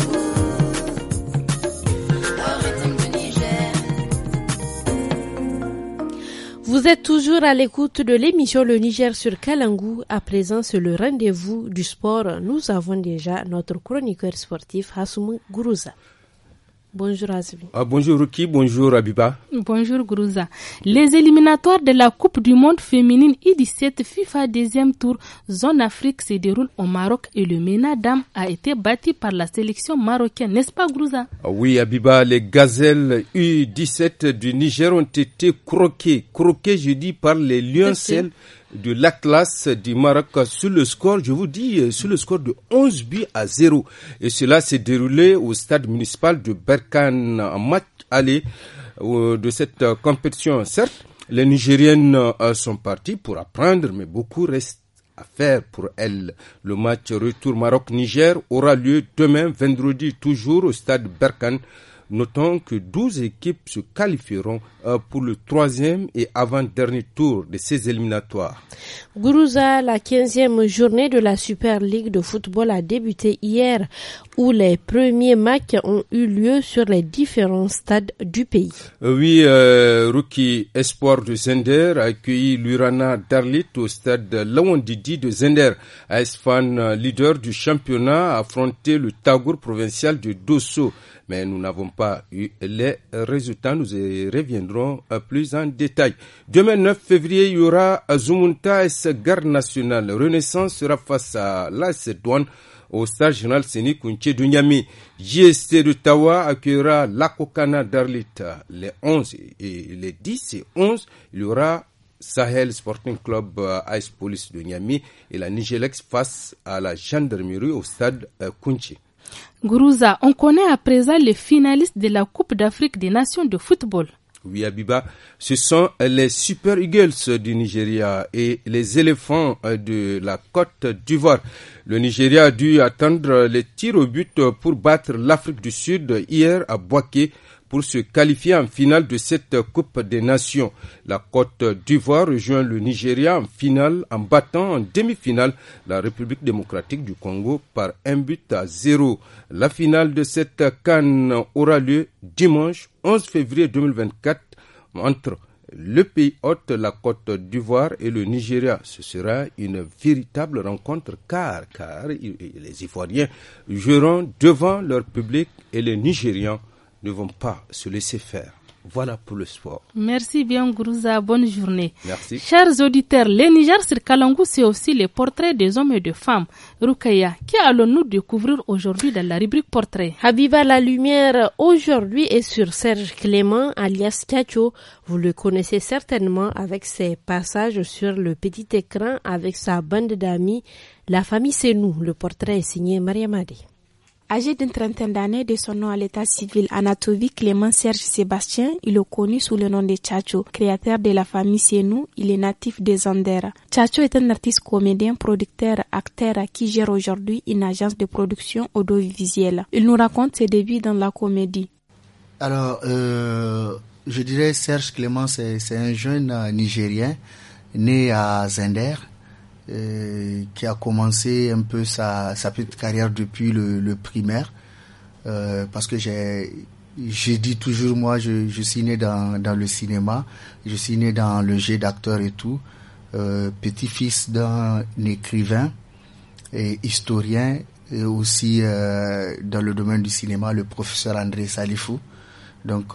Vous êtes toujours à l'écoute de l'émission Le Niger sur Kalangou. À présent, c'est le rendez-vous du sport. Nous avons déjà notre chroniqueur sportif Hassoum Gourouza. Bonjour Azul. Ah, bonjour Ruki, bonjour Abiba. Bonjour Grouza. Les éliminatoires de la Coupe du Monde féminine u 17 FIFA deuxième tour zone Afrique se déroulent au Maroc et le MENA a été bâti par la sélection marocaine, n'est-ce pas Grouza ah Oui Abiba, les gazelles U-17 du Niger ont été croquées, croquées je dis par les lioncelles de l'Atlas du Maroc sur le score, je vous dis, euh, sur le score de 11 buts à 0. Et cela s'est déroulé au stade municipal de Berkane en match aller euh, de cette euh, compétition. Certes, les Nigériennes sont parties pour apprendre, mais beaucoup reste à faire pour elles. Le match retour Maroc-Niger aura lieu demain, vendredi, toujours au stade Berkane Notons que 12 équipes se qualifieront euh, pour le troisième et avant-dernier tour de ces éliminatoires. Gourouza, la 15e journée de la Super League de football a débuté hier où les premiers matchs ont eu lieu sur les différents stades du pays. Euh, oui, euh, Rookie Espoir de Zender a accueilli l'Urana Darlit au stade Lawandidi de Zender. Esfan, leader du championnat, a affronté le Tagour provincial de Dosso mais nous n'avons pas eu les résultats. Nous y reviendrons plus en détail. Demain 9 février, il y aura Azumunta S Garde nationale. Renaissance sera face à la Douane au stade général Séni Kunche Dunyami. JST de Tawa accueillera l'Akokana d'Arlita les 11 et les 10 et 11. Il y aura Sahel Sporting Club euh, Ice Police de et la Nigelex face à la gendarmerie au stade euh, Grouza, on connaît à présent les finalistes de la Coupe d'Afrique des Nations de football. Oui, Abiba, ce sont les Super Eagles du Nigeria et les éléphants de la Côte d'Ivoire. Le Nigeria a dû attendre les tirs au but pour battre l'Afrique du Sud hier à Boaké pour se qualifier en finale de cette Coupe des Nations. La Côte d'Ivoire rejoint le Nigeria en finale en battant en demi-finale la République démocratique du Congo par un but à zéro. La finale de cette canne aura lieu dimanche 11 février 2024 entre le pays hôte, la Côte d'Ivoire et le Nigeria. Ce sera une véritable rencontre car, car les Ivoiriens joueront devant leur public et les Nigériens ne vont pas se laisser faire. Voilà pour le sport. Merci bien, Gourouza. Bonne journée. Merci. Chers auditeurs, les Niger sur Kalangou, c'est aussi les portraits des hommes et des femmes. Rukaya, qui allons-nous découvrir aujourd'hui dans la rubrique portrait Habiba La Lumière, aujourd'hui, est sur Serge Clément, alias Tiacho. Vous le connaissez certainement avec ses passages sur le petit écran avec sa bande d'amis. La famille, c'est nous. Le portrait est signé Maria Madi. Âgé d'une trentaine d'années de son nom à l'état civil Anatovi Clément Serge Sébastien, il est connu sous le nom de Tchacho, Créateur de la famille Sienou, il est natif de Zander. Tchacho est un artiste comédien, producteur, acteur qui gère aujourd'hui une agence de production audiovisuelle. Il nous raconte ses débuts dans la comédie. Alors, euh, je dirais Serge Clément, c'est un jeune euh, Nigérien né à Zender euh, qui a commencé un peu sa, petite carrière depuis le, primaire, euh, parce que j'ai j'ai dit toujours moi, je, je suis né dans, le cinéma, je suis né dans le jeu d'acteur et tout, euh, petit-fils d'un écrivain et historien et aussi dans le domaine du cinéma, le professeur André Salifou. Donc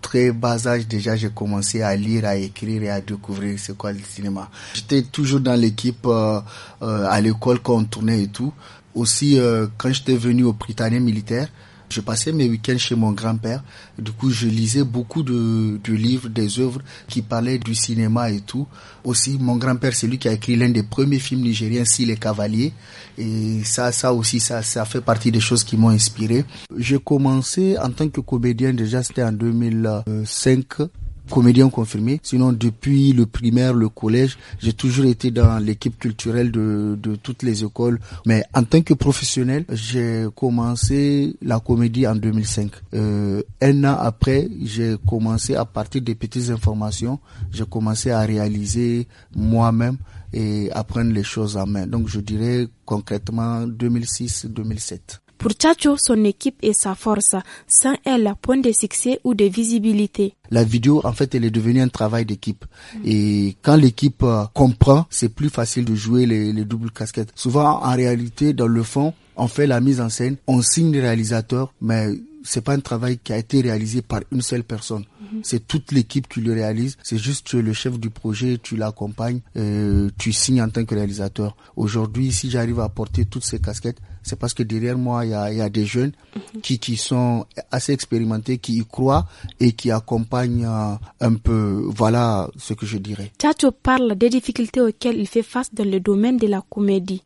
très bas âge déjà, j'ai commencé à lire, à écrire et à découvrir ce quoi le cinéma. J'étais toujours dans l'équipe euh, euh, à l'école quand on tournait et tout. Aussi, euh, quand j'étais venu au Britannique militaire, je passais mes week-ends chez mon grand-père. Du coup, je lisais beaucoup de, livres, des œuvres qui parlaient du cinéma et tout. Aussi, mon grand-père, c'est lui qui a écrit l'un des premiers films nigériens, Si les Cavaliers. Et ça, ça aussi, ça, ça fait partie des choses qui m'ont inspiré. J'ai commencé en tant que comédien déjà, c'était en 2005 comédien confirmé. Sinon, depuis le primaire, le collège, j'ai toujours été dans l'équipe culturelle de, de toutes les écoles. Mais en tant que professionnel, j'ai commencé la comédie en 2005. Euh, un an après, j'ai commencé à partir des petites informations, j'ai commencé à réaliser moi-même et à prendre les choses en main. Donc je dirais concrètement 2006-2007. Pour Chacho, son équipe est sa force. Sans elle, point de succès ou de visibilité. La vidéo, en fait, elle est devenue un travail d'équipe. Et quand l'équipe euh, comprend, c'est plus facile de jouer les, les doubles casquettes. Souvent, en réalité, dans le fond, on fait la mise en scène, on signe le réalisateur, mais c'est pas un travail qui a été réalisé par une seule personne. Mhm. C'est toute l'équipe qui le réalise. C'est juste le chef du projet, tu l'accompagnes, euh, tu signes en tant que réalisateur. Aujourd'hui, si j'arrive à porter toutes ces casquettes, c'est parce que derrière moi, il y a, des jeunes mhm. qui, sont assez expérimentés, qui y croient et qui accompagnent euh, un peu, voilà ce que je dirais. Tu parle des difficultés auxquelles il fait face dans le domaine de la comédie.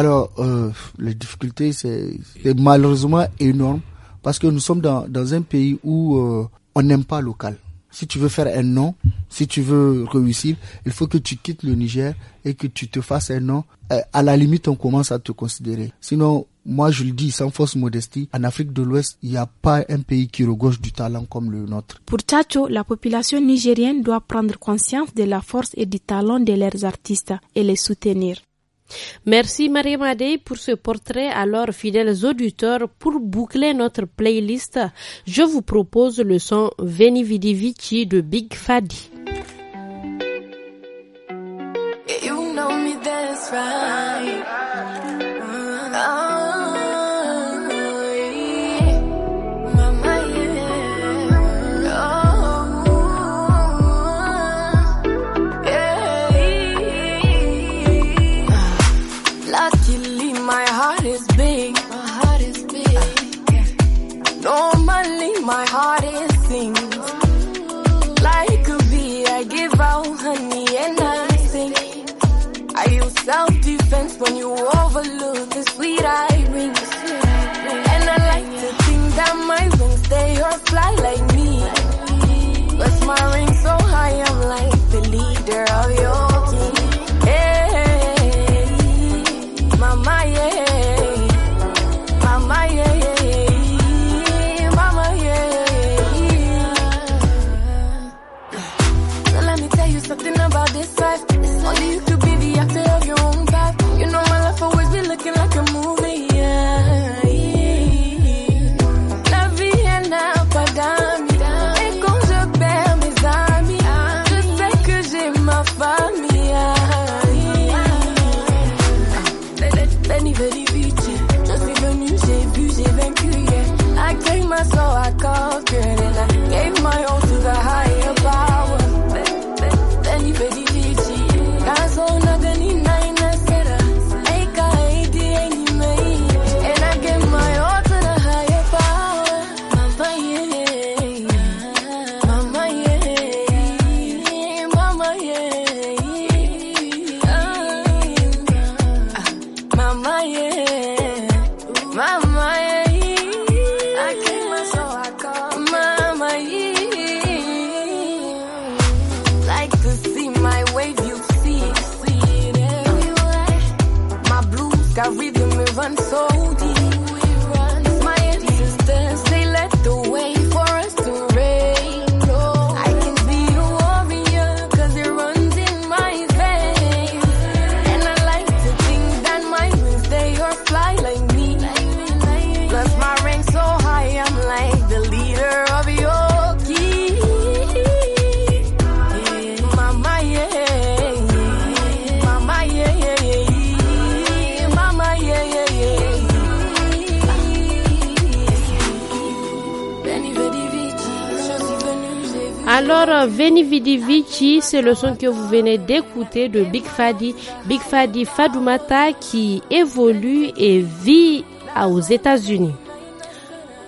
Alors, euh, les difficultés, c'est malheureusement énorme. Parce que nous sommes dans, dans un pays où euh, on n'aime pas local. Si tu veux faire un nom, si tu veux réussir, il faut que tu quittes le Niger et que tu te fasses un nom. Euh, à la limite, on commence à te considérer. Sinon, moi, je le dis sans fausse modestie, en Afrique de l'Ouest, il n'y a pas un pays qui regorge du talent comme le nôtre. Pour Tacho, la population nigérienne doit prendre conscience de la force et du talent de leurs artistes et les soutenir. Merci marie Madé pour ce portrait. Alors, fidèles auditeurs, pour boucler notre playlist, je vous propose le son Veni Vidi Vici de Big Fadi. when you overlook the sweet rings, And I like to think that my wings, they are fly like Alors, euh, Veni Vidi Vici, c'est le son que vous venez d'écouter de Big Fadi. Big Fadi Fadumata qui évolue et vit aux États-Unis.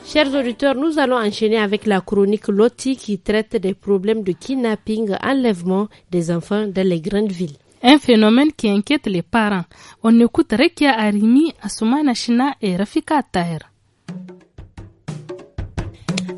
Chers auditeurs, nous allons enchaîner avec la chronique Loti qui traite des problèmes de kidnapping, enlèvement des enfants dans les grandes villes. Un phénomène qui inquiète les parents. On écoute Rekia Arimi, Asuma Nashina et Rafika Taher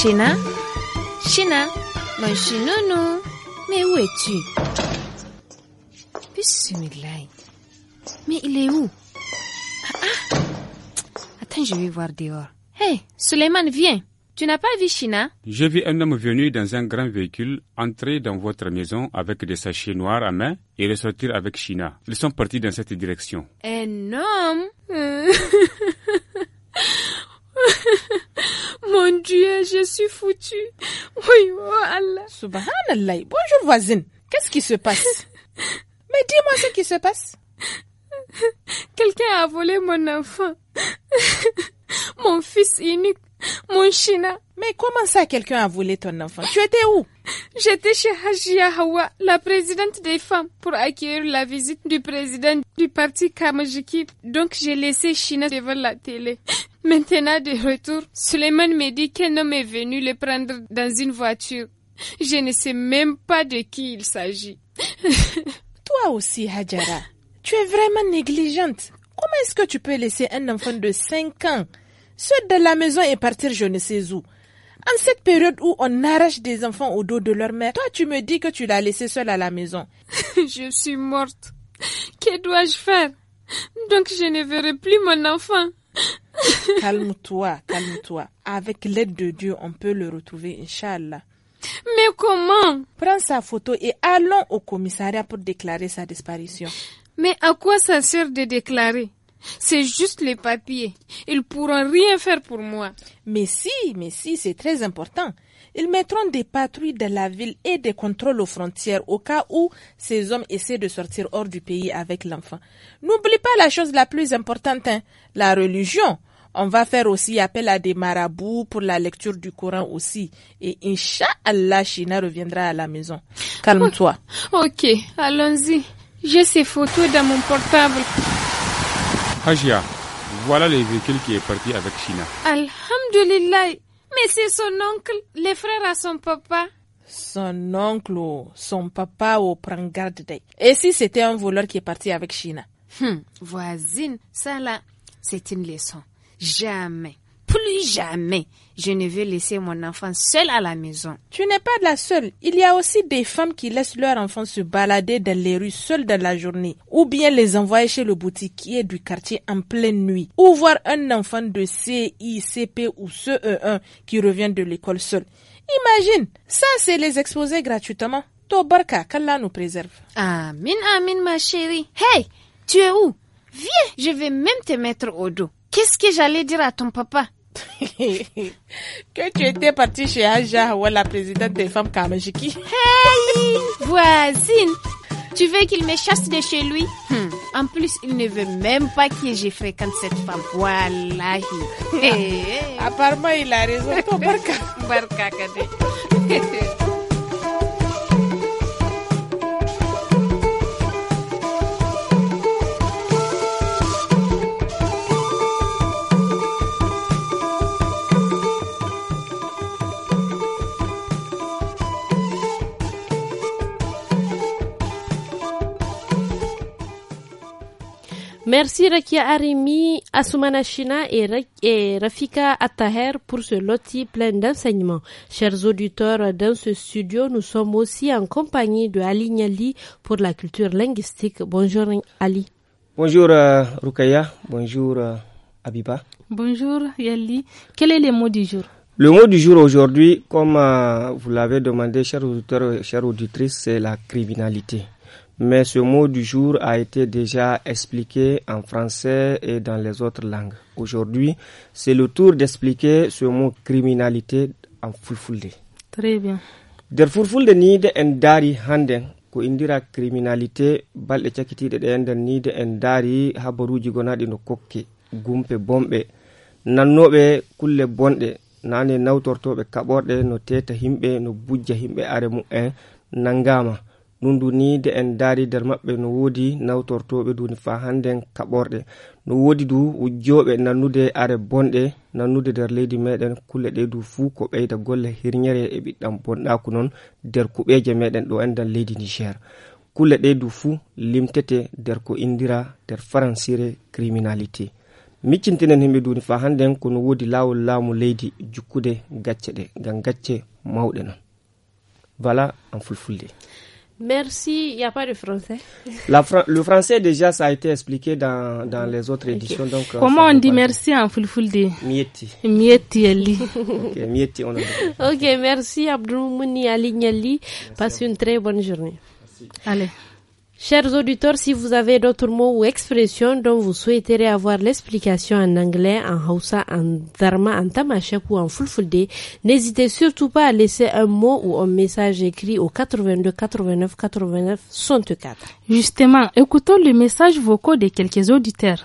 China China, Mon non. Mais où es-tu Mais il est où ah, ah. Attends, je vais voir dehors. Hé, hey, Suleiman, viens tu n'as pas vu China J'ai vu un homme venu dans un grand véhicule entrer dans votre maison avec des sachets noirs à main et ressortir avec China. Ils sont partis dans cette direction. Un homme euh. Mon Dieu, je suis foutue. Oui, Subhanallah. Bonjour voisine. Qu'est-ce qui se passe Mais dis-moi ce qui se passe. Quelqu'un a volé mon enfant. mon fils unique. Mon china. Mais comment ça quelqu'un a volé ton enfant Tu étais où J'étais chez Hajia Hawa, la présidente des femmes, pour accueillir la visite du président du parti Kamajiki. Donc j'ai laissé China devant la télé. Maintenant de retour, Suleiman me dit qu'un homme est venu le prendre dans une voiture. Je ne sais même pas de qui il s'agit. Toi aussi, Hajara, tu es vraiment négligente. Comment est-ce que tu peux laisser un enfant de 5 ans seul de la maison et partir je ne sais où En cette période où on arrache des enfants au dos de leur mère, toi tu me dis que tu l'as laissé seul à la maison. je suis morte. Que dois-je faire Donc je ne verrai plus mon enfant. calme-toi, calme-toi. Avec l'aide de Dieu, on peut le retrouver, Inch'Allah. Mais comment Prends sa photo et allons au commissariat pour déclarer sa disparition. Mais à quoi ça sert de déclarer C'est juste les papiers. Ils pourront rien faire pour moi. Mais si, mais si, c'est très important. Ils mettront des patrouilles dans la ville et des contrôles aux frontières au cas où ces hommes essaient de sortir hors du pays avec l'enfant. N'oublie pas la chose la plus importante, hein, la religion. On va faire aussi appel à des marabouts pour la lecture du Coran aussi. Et Inch'Allah, China reviendra à la maison. Calme-toi. Oh, ok, allons-y. J'ai ces photos dans mon portable. Hajia, voilà les véhicules qui est parti avec China. Alhamdulillah, mais c'est son oncle, les frères à son papa. Son oncle, son papa au prend garde d'eux. Et si c'était un voleur qui est parti avec China hum, Voisine, ça là, c'est une leçon. Jamais, plus jamais, je ne veux laisser mon enfant seul à la maison. Tu n'es pas la seule. Il y a aussi des femmes qui laissent leur enfant se balader dans les rues seules dans la journée, ou bien les envoyer chez le boutiquier du quartier en pleine nuit, ou voir un enfant de CICP ou CE1 qui revient de l'école seul. Imagine, ça c'est les exposer gratuitement. Tobarka, qu'Allah nous préserve. Amin, amin, ma chérie. Hey, tu es où Viens, je vais même te mettre au dos. Qu'est-ce que j'allais dire à ton papa que tu étais partie chez Aja ou la présidente des femmes Kamajiki. Hey, voisine, tu veux qu'il me chasse de chez lui hmm. En plus, il ne veut même pas que j'ai fréquente cette femme. Voilà. Eh, eh. Apparemment, il a raison. Barca. Barca, Merci Rakia Arimi, Asumana et, Rafika Attaher pour ce loti plein d'enseignements. Chers auditeurs, dans ce studio, nous sommes aussi en compagnie de Ali Niali pour la culture linguistique. Bonjour Ali. Bonjour euh, Rukaya, bonjour euh, Abiba. Bonjour Yali. Quel est le mot du jour Le mot du jour aujourd'hui, comme euh, vous l'avez demandé, chers auditeurs, chères auditrices, c'est la criminalité mais ce mot du jour a été déjà expliqué en français et dans les autres langues. Aujourd'hui, c'est le tour d'expliquer ce mot criminalité en fulfulde. Très bien. Der fulfulde ni en dari handen ko indira criminalité balɗe cakitiɗe de en nden en dari habaruji gonaɗi no kokke gumpe bombe nanobe kulle bonde nane nawtortoɓe kaborde no teta himbe no bujja himbe are en nangama ɗum du ni de en daari nder maɓɓe no woodi nawtortoɓe duni fa hannden kaɓorɗe no woodi du wujjoɓe nannude are bonɗe nannude nder leydi meɗen kulle ɗe du fuu ko ɓeyda golle hirñere e ɓiɗɗam bonɗaku noon nder kuɓeje meɗen ɗo endan leydi niger kulle ɗe du fuu limtete nder ko indira nder faransire criminalité miccintinen himɓe duni fa hannden kono woodi laawol laamu leydi jukkude gacce ɗe ngam gacce mawɗe noon vala an fulfulde Merci, il n'y a pas de français. La le français, déjà, ça a été expliqué dans, dans les autres éditions. Donc, euh, Comment on dit merci en fulfulde Mieti. Mieti Ali. ok, Mieti, on Ok, merci Abdou Mouni Ali Passe une très bonne journée. Allez. Chers auditeurs, si vous avez d'autres mots ou expressions dont vous souhaiterez avoir l'explication en anglais, en hausa, en dharma, en tamashek ou en fulfulde, n'hésitez surtout pas à laisser un mot ou un message écrit au 82 89 89 64. Justement, écoutons le message vocaux de quelques auditeurs.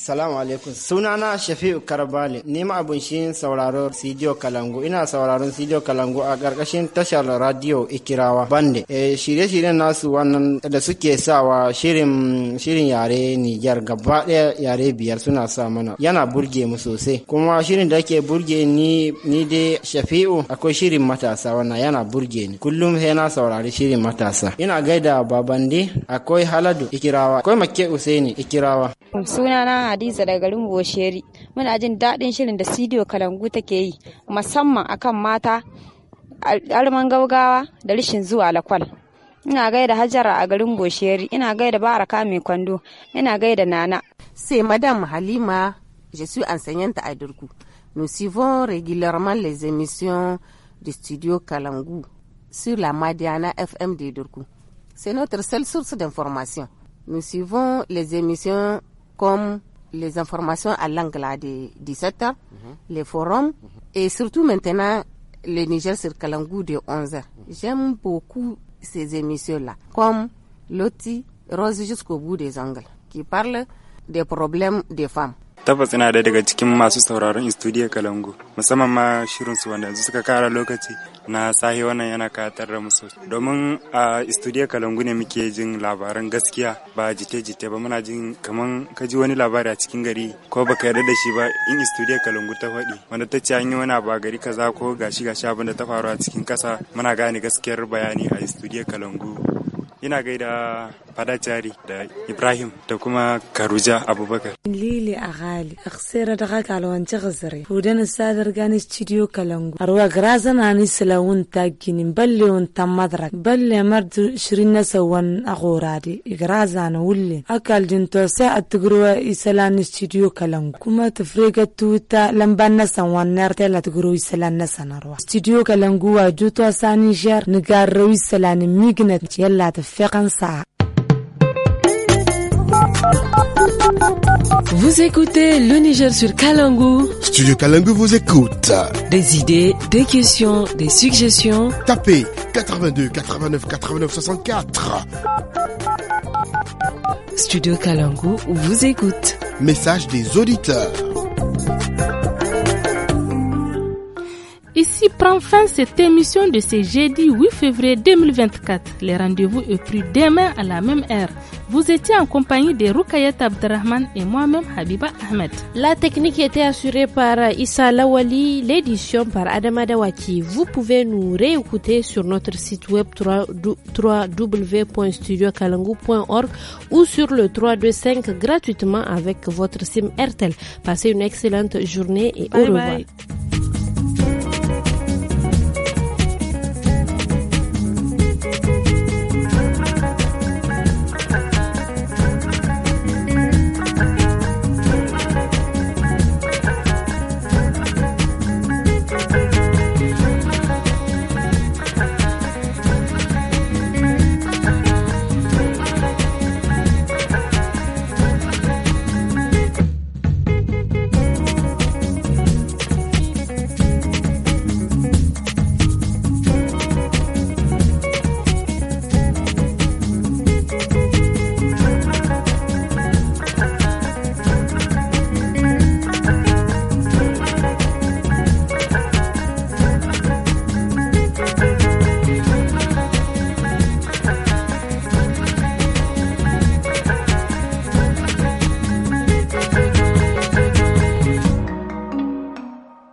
Salamu alaikum. Sunana Shafi'u Karbali, ni shi sauraro Sidiyo Kalangu. Ina sauraron Sidiyo Kalangu a ƙarƙashin tashar radio Ikirawa Bande. E, shirye-shiryen nasu wannan da suke sawa shirin shirin yare Niger gaba ɗaya yare biyar suna sa mana. Yana burge mu sosai. Kuma shirin da ke burge ni ni dai Shafi'u akwai shirin matasa wannan yana burge ni. Kullum sai na saurari shirin matasa. Ina gaida Babandi akwai Haladu Ikirawa akwai Makke Usaini Ikirawa. suna na Hadiza daga garin Bosheri. Muna jin daɗin shirin da Sidiyo Kalangu take yi musamman akan mata alman gaugawa da rishin zuwa lakwal. Ina gaida Hajara a garin Bosheri, ina gaida Baraka mai kwando, ina gaida Nana. Sai Madam Halima, je suis enseignante à Durku. Nous suivons régulièrement les émissions du studio Kalangu sur la Madiana FM de Durku. C'est notre seule source d'information. Nous suivons les émissions comme les informations à l'angle des 17h, mhm. les forums, mhm. et surtout maintenant le Niger sur Kalangou de 11h. Mhm. J'aime beaucoup ces émissions-là, comme Loti Rose jusqu'au bout des angles, qui parle des problèmes des femmes. kalangu na sahi wannan yana katar da musu domin a studio kalangu ne muke jin labaran gaskiya ba jite-jite ba muna jin kamar ka ji wani labari a cikin gari ko baka yarda da shi ba in studio kalangu ta faɗi wanda ta ce an yi wani ba gari kaza ko gashi gashi abin da ta faru a cikin ƙasa muna gane gaskiyar bayani a studio kalangu ina gaida فدا جاري دا ابراهيم دا كما كاروجا ابو بكر ليلي اغالي اخسر دغا قالو انت غزري ودن السادر كان استديو كلونغ اروا غرازن اني سلاون تاكين بلي وانت مدرك بلي مرد شرين سوان اغورادي غرازن ولي اكل جنتو سا اتغرو اسلان استديو كلونغ كما تفريغا توتا لمبان سوان نارتي لا تغرو اسلان نسن استديو كلونغ وجوتو سانيجر نغارو اسلان ميغنت يلا تفقن ساعه Vous écoutez le Niger sur Kalangu. Studio Kalangu vous écoute. Des idées, des questions, des suggestions. Tapez 82 89 89 64. Studio Kalangu vous écoute. Message des auditeurs. Ici prend fin cette émission de ce jeudi 8 février 2024. Les rendez-vous est pris demain à la même heure. Vous étiez en compagnie de Rukayat Abdrahman et moi-même Habiba Ahmed. La technique était assurée par Issa Lawali, l'édition par Adama Dawaki. Vous pouvez nous réécouter sur notre site web www.studiokalangu.org ou sur le 325 gratuitement avec votre SIM RTL. Passez une excellente journée et au revoir.